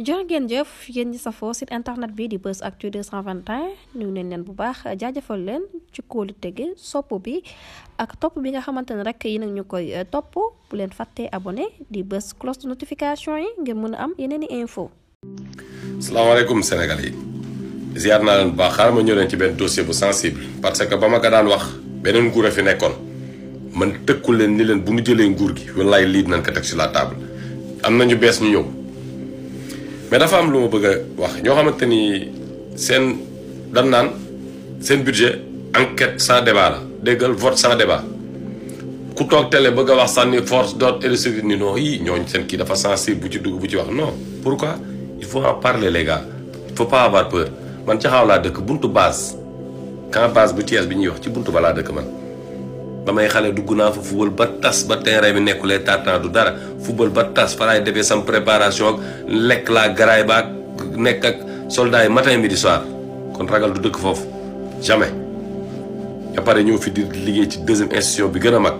jërë ngeen jëf yéen ñi safoo site internet bi di Buzz Actu 221 ñu neen nen bu baax jaajafal leen ci kóolu tege sopp bi ak topp bi nga xamante ne rek yi nag ñu koy eh, topp bu leen fàttee abone di bës cloche de notification yi ngir mën a am yeneen i info salaamaaleykum senegal yi ziar naa leen bu baax xaaral ma ñëw leen ci benn dossier bu sensible parce que ba ma ko daan wax beneen nguur a fi nekkoon man tëkkul leen ni leen bu ñu jëlee nguur gi wallaay lii dinañ ko teg ci la table am nañu bees ñu ñëw mais dafa am lu ma bëgg a wax ñoo xamante ni seen dan naan seen budget enquête sans débat la déggal vote sans débat ku toog tele bëgg a wax sànni force d'ordre et de ni non yii ñooñ seen kii dafa sensible bu ci dugg bu ci wax non pourquoi il faut en parler les gars pas avoir peur man ci xaw laa dëkk bunt baas camp base bu Thiès bi ñuy wax ci buntu balaa dëkk man ba may xale dugg naa fa football ba tas ba terrain bi nekkulee tartan du dara football ba tas fa laay defee sam préparation ak lekk laa garay ba ak nekk ak soldats yi matin midi kon ragal du dëkk foofu jamais. ba pare ñëw fi di liggéey ci deuxième institution bi gën a mag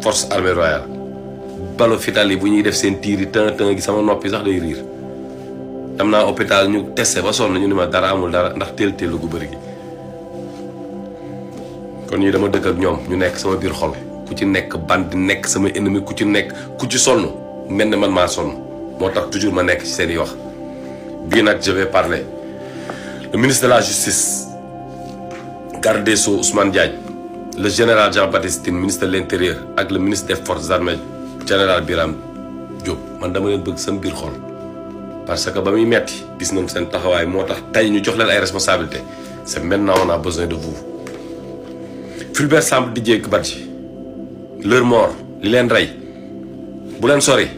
force armée royale Balofitaal yi bu ñuy def seen tiir yi tën tën sama noppi sax day riir dem naa hôpital ñu testé ba sonn ñu ni ma dara amul dara ndax teel-teel gu bëri gi. kon ñu dama dëkk ak ñoom ñu nekk sama biir xol ku ci nekk bandi nekk sama ennemi ku ci nekk ku ci sonn mel ne man maa sonn moo tax toujours ma nekk ci seen i wax bii nag je vais parler le ministre de la justice garde des Sceaux Ousmane Diagne le général Jean-Baptiste Tine ministre de l'intérieur ak le ministre des forces armées général Birame Diop man dama leen bëgg sama biir xol parce que ba muy metti gis nañ seen taxawaay moo tax tey ñu jox leen ay responsabilités c'est maintenant on a de vous Fulbert Samb Didier Badji leur mort li leen rey bu leen sori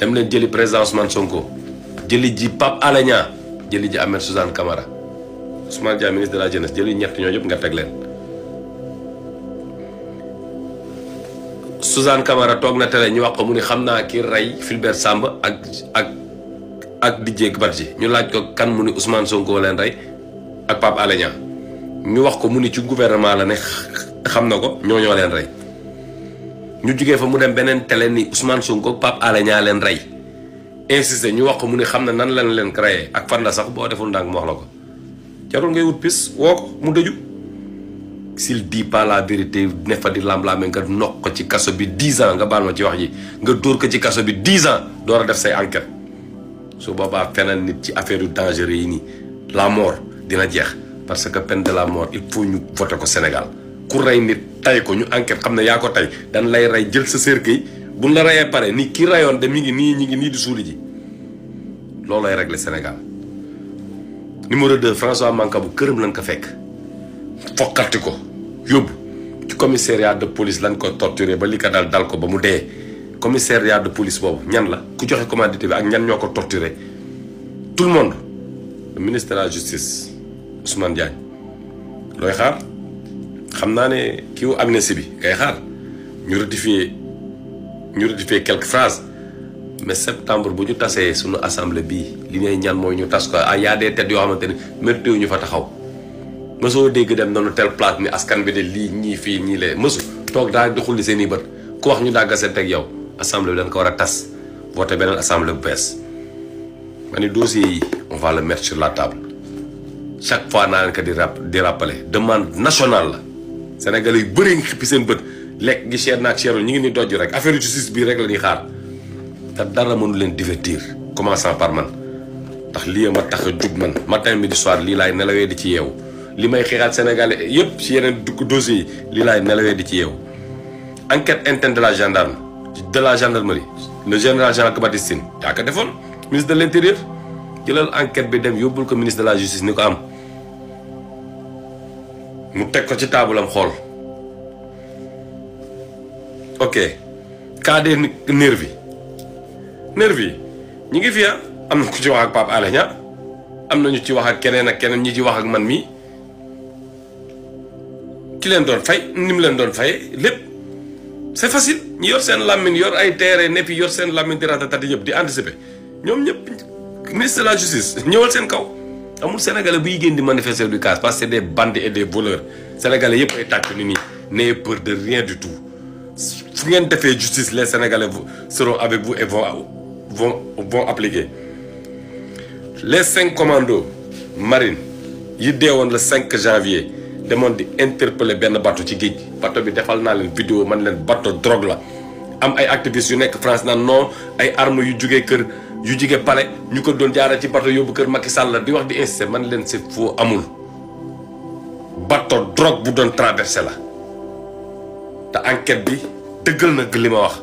dem leen jëli président Ousmane Sonko jëli ji Pape Alé jëli ji Ahmed Suzanne Camara Ousmane Dia ministre de la jeunesse jëli ñett ñoo yëpp nga teg leen. Suzanne Camara toog na télé ñu wax ko mu ni xam naa ki rey Fulbert Samb ak ak ak Didier Badji ñu laaj ko kan mu ni Ousmane Sonko leen rey ak Pape Alé ñu wax ko mu ni ci gouvernement la ne xam na ko ñoo ñoo leen rey ñu jugee fa mu dem beneen télé ni Ousmane Sonko Pape Alé ñaa leen rey insisté ñu wax ko mu ni xam na nan lañ leen créé ak fan la sax boo deful ndànk mu wax la ko jarul nga wut pis woo mu dëju s'il di par la vérité ne fa di lam-laame nga noq ko ci kaso bi dix an nga baal ma ci wax ji nga dóor ko ci kaso bi dix ans door a def say enquête su boobaa feneen nit ci affaire yu dangereux yi nii la mort dina jeex parce que peine la mort il faut ñu voté ko Sénégal ku rey nit tay ko ñu enquête xam ne yaa ko tey dañ lay rey jël sa cercueil buñ la reyee pare nit kii reyoon dem mi ngi nii ñi ngi nii di suuli ji loolooy régler Sénégal numéro 2 François Mancabou këram lañ ko fekk fokkati ko yóbbu ci commissariat de police lañ ko torturé ba li ko dal dal ko ba mu dee commissariat de police boobu ñan la ku joxe commandité bi ak ñan ñoo ko torturé tout le monde le ministre la justice Ousmane Diagne looy xaar xam naa ne kiw amnistie bi ngay xaar ñu ratifié ñu ratifié quelques phrases mais septembre bu ñu tasee suñu assemblée bii li ñuy ñaan mooy ñu tas ko ah y a des têtes yoo xamante ne mérité wu ñu fa taxaw mësoo dégg dem nañu tel place ni askan bi de lii ñii fii ñii lee mësu toog daa di xulli seen i bët ku wax ñu daa gasante ak yow assemblée bi dañ ko war a tas voté beneen assemblée bu bees ma ne dossier yi on va le mettre la table chaque fois naa leen ko di rap demande nationale la sénégal yu bëree ngi xippi seen bët lekk gi cher naag cherul ñu ngi ni dojj rek affaire justice bii rek la ñuy xaar te dara mënu leen divertir commençant par man li lii ma tax a jug man matin midi soir lii laay nelawee di ci yeewu li may xeexaat sénégalais yépp ci yeneen dossiers yi lii laay nelawee di ci yeewu enquête interne de la gendarme de la gendarmerie le général Jean Baptiste Tine yaa defoon ministre de l' intérieur jëlal enquête bi dem yóbbul ko ministre de la justice ni ko am mu teg ko ci taabulam xool ok cas des nervi nervi ñi ngi fi ah? am na ku ci wax ak Pape Alé am na ñu ci wax ak keneen ak keneen ñi ci wax ak man mii ki leen doon fay ni mu leen doon fay lépp c'est facile ñu yor seen làmmiñ yor ay teere neppi yor seen làmmiñ di ratatati yëpp di anticiper ñoom ñëpp ministre la justice ñëwal seen kaw amul sénégalais buy génn di manifester du casse parce que c'est des bandits et des voleurs sénégalais yëpp ay tàcc ni nii n'ayez peur de rien du tout fu ngeen defee justice les sénégalais seront avec vous et vont vont vont appliquer les cinq commandos marine yi deewoon le 5 janvier demoon di interpeller benn bateau ci géej bateau bi defal naa leen vidéo man leen bateau drogue la am ay activistes yu nekk France naan non ay armes yu jugee kër. yu jige pale ñu ko doon jaaral ci bato yóbbu kër Macky Sall di wax di insisté man leen c'est faux amul bato drogue bu doon traversé la te enquête bi dëggal na li ma wax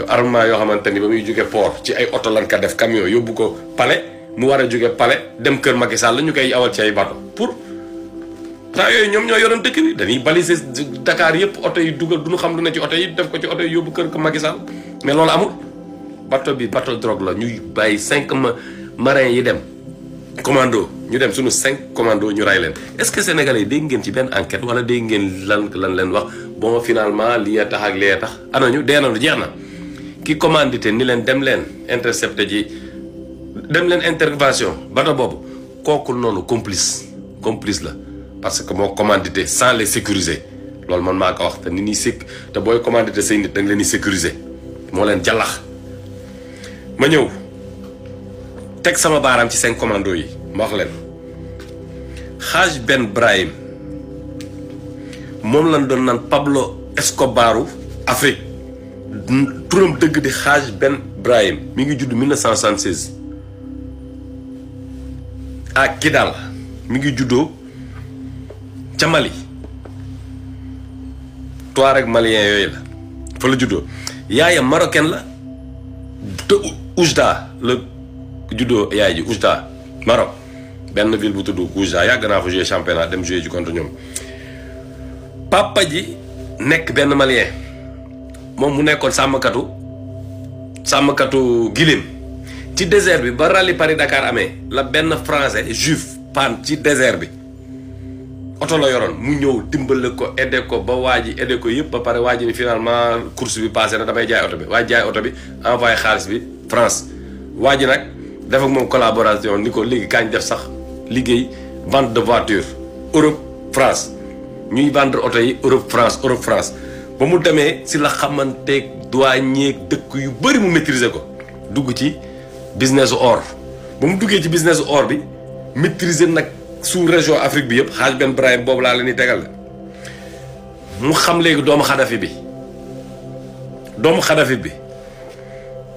yow armement yoo xamante ni ba muy jóge port ci ay oto lan ka def yooyu yóbbu ko palais mu war a jóge pale dem kër Macky la ñu koy awal ci ay bato pour temps yooyu ñoom ñoo yoroon dëkk bi dañuy baliser Dakar yëpp oto yi dugal du ñu xam lu ne ci oto yi def ko ci oto yi yóbbu kër Macky Sall mais loolu amul bateau bi bateau drogue la ñuy bàyyi cinq marins yi dem commando ñu dem suñu cinq commando ñu ray leen est-ce que sénégalais dégg ngeen ci benn enquête wala dégg ngeen lan lan leen wax bon finalement lii a tax ak lii a tax ana ñu dee na jeex na ki commandité ni leen dem leen intercepté ji dem leen intervention bateau boobu kooku noonu complice complice la parce que moo commandité sans les sécuriser loolu man maa ko wax te ni ñuy séc te booy commandité say nit leen di sécuriser moo leen jalax ma ñëw teg sama baaraam ci seen commando yi ma wax leen Haj Ben Brahim moom lañ doon naan Pablo Escobaru Afrique turam dëgg di Haj Ben Brahim mi ngi judd 1976 à Kidal mi ngi juddoo ca Mali Touareg malien yooyu la fa la juddoo yaayam marocain la Oujda la juddoo yaay ji Oujda Maroc benn ville bu tudd Oujda yàgg naa fa jouer championnat dem jouer ji contre ñoom papa ji nekk benn malien moom mu nekkoon sàmmkatu sàmmkatu giléem ci désert bi ba rallye Paris Dakar amee la benn français juif pan ci désert bi oto la yoroon mu ñëw dimbale ko aidé ko ba waa ji aidé ko yëpp ba pare waa ji ni finalement course bi passé na damay jaay oto bi waa jaay oto bi envoyé xaalis bi France waa ji nag def moom collaboration ni ko léegi kañ def sax liggéey vente de voiture Europe France ñuy vendre oto yi Europe France Europe France ba mu demee si la xamanteeg douanier dëkk yu bëri mu maîtriser ko dugg ci business or ba mu duggee ci business or bi maîtriser nag su région Afrique bi yëpp xaaj benn boobu laa leen di tegal mu xam léegi doomu xadafi bi doomu xadafi bi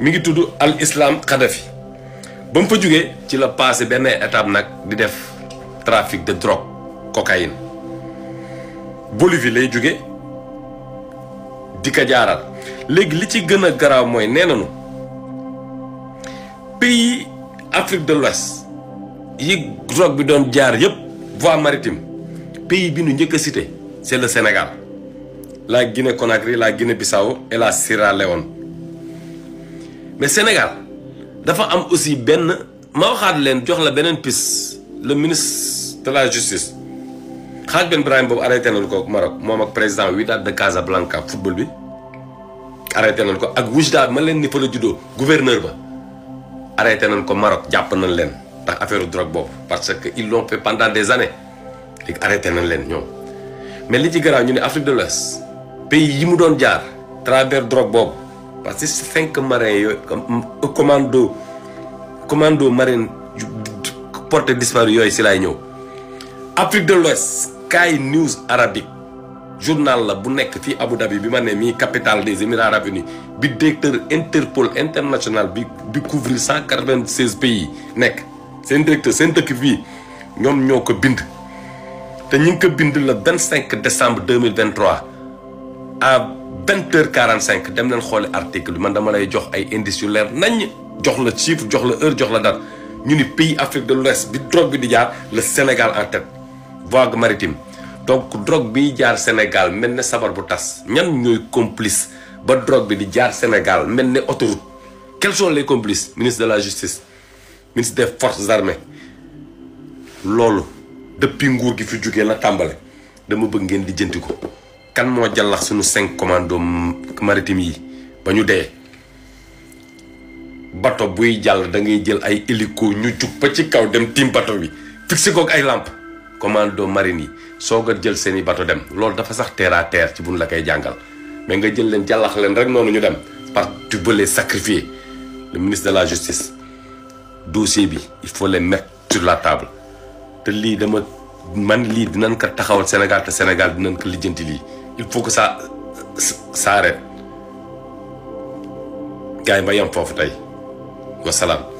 mi ngi tudd al islam Kadhafi ba mu fa jógee ci la passé benn étape nag di def trafic de drogue cocaïne Bolivie lay jóge di ko jaaral léegi li ci gën a garaaw mooy nee nañu pays Afrique de l'Ouest yi drogue bi doon jaar yépp voie maritime pays bi nu njëkk a cité c'est le Sénégal la Guinée Conakry laa Guinée Bissau et la Sierra Leone mais Sénégal dafa am aussi benn ma xaat leen jox la beneen piste le ministre de la justice Khalid Ben Brahim boobu arrêté nañ ko Maroc moom ak président Wydad de Casablanca football bi arrêté nañ ko ak Wydad ma leen ni fa la juddoo gouverneur ba arrêté nañ ko Maroc jàpp nañ leen ndax affaire drogue boobu parce que ils l'ont fait pendant des années léegi arrêté nañ leen ñoom mais li ci garaaw ñu ne Afrique de l'Ouest pays yi mu doon jaar travers drogue boobu parce que cinq marins yooyu euh, commando commando marin porté disparu yooyu si lay ñëw Afrique de l'Ouest Sky News arabique journal la bu nekk fii Abu Dhabi bi ma ne mii capitale des Émirats arabes unis bi directeur Interpol international bi bi couvrir cent quatre-vingt-seize pays nekk seen directeur seen dëkk fii ñoom ñoo ko bind te ñu ngi ko bind le vingt cinq décembre deux mille vingt vingt quarante cinq dem leen xooli article bi man dama lay jox ay indices yu leer jox la chiffre jox la heure jox la date ñu ni pays Afrique de l'Ouest bi drogue bi di jaar le Sénégal en tête vogue maritime donc drogue bi jaar Sénégal mel ne sabar bu tas ñan ñooy complice ba drogue bi di jaar Sénégal mel ne autoroute quels sont les complices ministre de la justice ministre des forces armées loolu depuis nguur gi fi jógee la tàmbale dama bëgg ngeen di ko kan moo jàllax suñu cinq commando maritime yi ba ñu dee bato buy jàll da ngay jël ay hélico ñu jug ba ci kaw dem tiim bato bi fixé kook ay lampe commando marine yi soog a jël seen i bato dem loolu dafa sax terre à terre ci buñ la koy jàngal mais nga jël leen jàllax leen rek noonu ñu dem parce que tu veux les sacrifier le ministre de la justice dossier bi il faut les mettre la table te lii dama man lii dinañ ko taxawal Sénégal te Sénégal dinañ ko lijjanti lii il faut que ça s'arrête foofu tey wasalaam